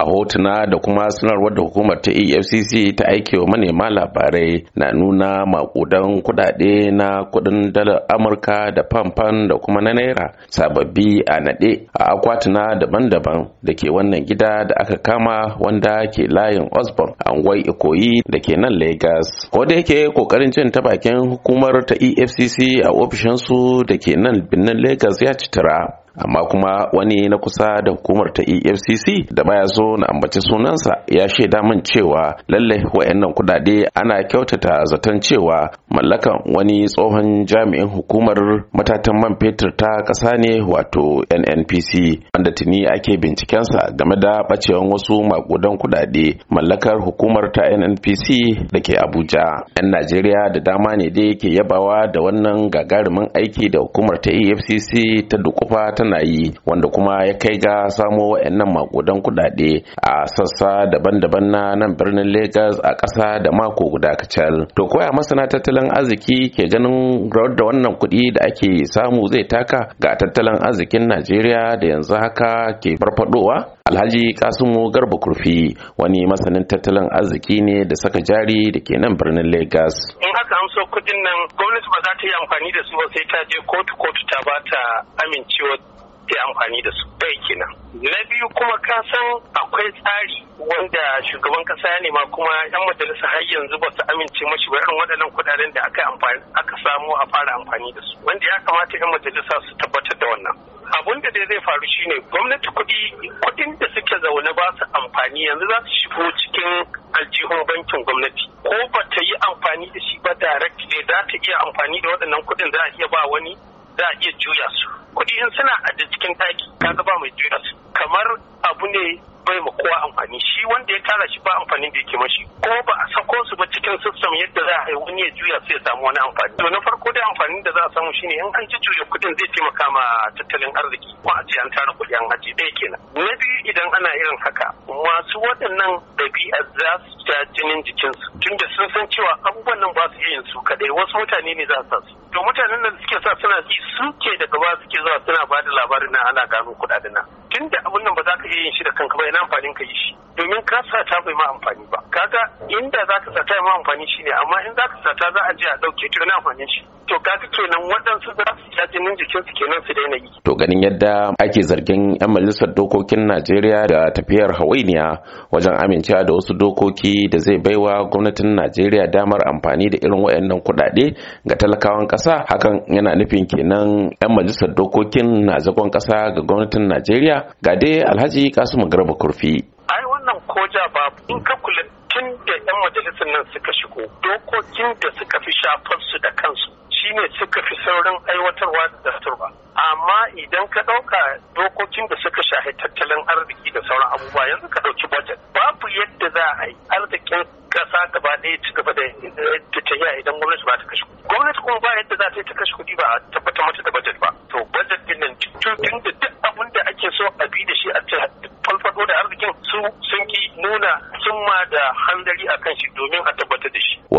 a hotuna da kuma sanarwar da hukumar ta efcc ta aike wa manema labarai na nuna makudan kudade na kudin dalar amurka da famfan da kuma na naira sababbi a nade a akwatuna daban-daban da ke wannan gida da aka kama wanda ke layin osborn angwai ikoyi da ke nan lagos ko da yake kokarin jin ta bakin hukumar ta efcc a ofishinsu da ke nan birnin lagos ya citira amma kuma wani na kusa da hukumar ta efcc da baya so na ambaci sunansa ya shaida min cewa lalle wayannan kudade ana kyautata zaton cewa mallakan wani tsohon jami'in hukumar matatan man fetur ta kasa ne wato nnpc wanda tuni ake bincikensa game da bacewan wasu makudan kudade mallakar hukumar ta nnpc da ke abuja 'yan najeriya da dama ne dai ke yabawa da wannan gagarumin aiki da hukumar ta efcc ta dukufa tana yi wanda kuma ya kai ga samo wa'annan makudan kudade a sassa daban-daban na nan birnin Legas a ƙasa da mako guda kacal. To koya masana tattalin arziki ke ganin rawar da wannan kuɗi da ake samu zai taka ga tattalin arzikin Najeriya da yanzu haka ke farfadowa? alhaji kasimu garba kurfi wani masanin tattalin arziki ne da saka jari da ke nan birnin lagos in aka amsa kudin nan gwamnati ba za ta yi amfani da su ba sai ta je kotu kotu ta ba ta amincewa ta amfani da su bai kenan na biyu kuma ka san akwai tsari wanda shugaban kasa ya nema kuma yan majalisa har yanzu ba su amince mashi ba irin waɗannan kuɗaɗen da aka amfani aka samu a fara amfani da su wanda ya kamata yan majalisa su tabbatar da wannan abun da dai zai faru shine gwamnati kuɗi kuɗin da suke zaune ba su amfani yanzu za su shigo cikin aljihun bankin gwamnati ko ba ta yi amfani da shi ba direct dai za ta iya amfani da waɗannan kuɗin za a iya ba wani za a iya juya su kuɗi in suna a cikin ɗaki, kaga ba mai juya su kamar abu ne bai ma kowa amfani shi wanda ya tara shi ba amfanin da yake mashi ko ba a sako su ba cikin system yadda za a yi wani ya juya sai ya samu wani amfani to na farko da amfani da za a samu shine in an ci juya kuɗin zai taimaka ma tattalin arziki ko a ce an tara kuɗi an haji ɗaya kenan na biyu idan ana irin haka masu waɗannan ɗabi'a za su ta jinin jikinsu tunda sun san cewa abubuwan nan ba su iya yin su kaɗai wasu mutane ne za su sa su to mutanen da suke sa suna ji suke daga ba suke zuwa suna ba da labarin nan ana gano kuɗaɗen nan tunda abin nan ba iya yin shi da kanka ba yana amfanin ka yi shi domin ka ta bai ma amfani ba kaga inda zaka ka sata ya ma amfani shi ne amma in zaka ka sata za a je a ɗauke to yana amfanin shi to kaga kenan waɗansu za su ja jinin jikin su kenan su daina yi to ganin yadda ake zargin yan majalisar dokokin Najeriya da tafiyar hawainiya wajen amincewa da wasu dokoki da zai baiwa gwamnatin Najeriya damar amfani da irin wayannan kuɗaɗe ga talakawan ƙasa hakan yana nufin kenan yan majalisar dokokin na zagon ƙasa ga gwamnatin Najeriya ga dai Alhaji Kasimu Garba Kurfi ai wannan koja babu in ka kula tun da 'yan majalisar nan suka shigo dokokin da suka fi shafar su da kansu Shi ne suka fi saurin aiwatarwa da ba amma idan ka ɗauka dokokin da suka shafi tattalin arziki da sauran abubuwa yanzu ka ɗauki budget babu yadda za a yi arzikin ƙasa gaba ɗaya ci gaba da idan gwamnati ba ta kashe kuɗi gwamnati kuma ba yadda za ta yi ta kashe kuɗi ba a tabbatar mata da budget ba to budget din nan tun da duk abin da ake so a bi da shi a ce falfado da arzikin su sun ki nuna sun ma da hanzari kan shi domin a tabbatar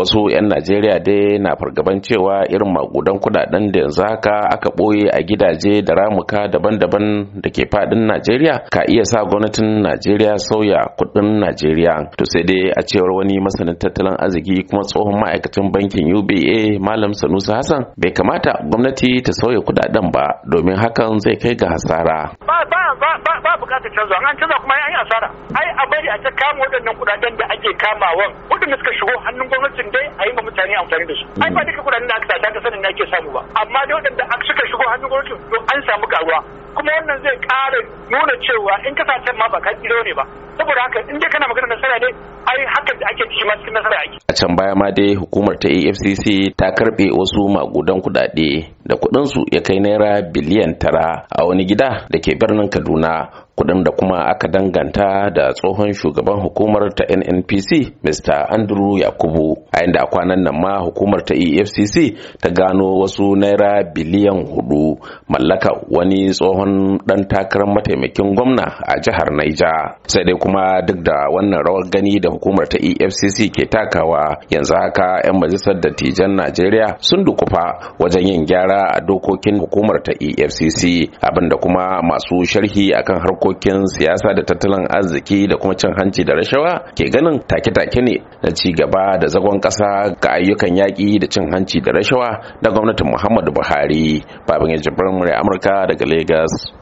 wasu 'yan najeriya dai na fargaban cewa irin magudan kudaden da yanzu haka aka ɓoye a gidaje da ramuka daban-daban da ke fadin najeriya ka iya sa gwamnatin najeriya sauya kudin najeriya to sai dai a cewar wani masanin tattalin arziki kuma tsohon ma'aikacin bankin uba malam Sanusa hassan bai kamata gwamnati ta sauya kudaden ba domin hakan zai kai ga hasara ba canza an canza kuma yi asara ai a bari a ta kama waɗannan kuɗaɗen da ake kamawan waɗanda suka shigo hannun gwamnatin dai a yi ma mutane amfani da su ai ba duka kuɗaɗen da aka sata ta sanin na ke samu ba amma dai waɗanda suka shigo hannun gwamnatin to an samu karuwa kuma wannan zai ƙara nuna cewa in ka sace ma ba ka ne ba saboda haka in dai kana magana nasara ne ai haka da ake ciki masu cikin nasara ake a can baya ma dai hukumar ta AFCC ta karbe wasu magudan kudade da kudin su ya kai naira biliyan tara a wani gida da ke birnin Kaduna kuɗin da kuma aka danganta da tsohon shugaban hukumar ta nnpc mr andrew yakubu a inda a kwanan nan ma hukumar ta efcc ta gano wasu naira biliyan hudu mallaka wani tsohon tsohon dan takarar mataimakin gwamna a jihar Naija. Sai dai kuma duk da wannan rawar gani da hukumar ta EFCC ke takawa yanzu haka 'yan majalisar dattijan Najeriya sun dukufa wajen yin gyara a dokokin hukumar ta EFCC abinda kuma masu sharhi akan harkokin siyasa da tattalin arziki da kuma cin hanci da rashawa ke ganin take-take ne na ci gaba da zagon ƙasa ga ayyukan yaƙi da cin hanci da rashawa na gwamnatin Muhammadu Buhari. Babin Jibrin Amurka daga Legas. us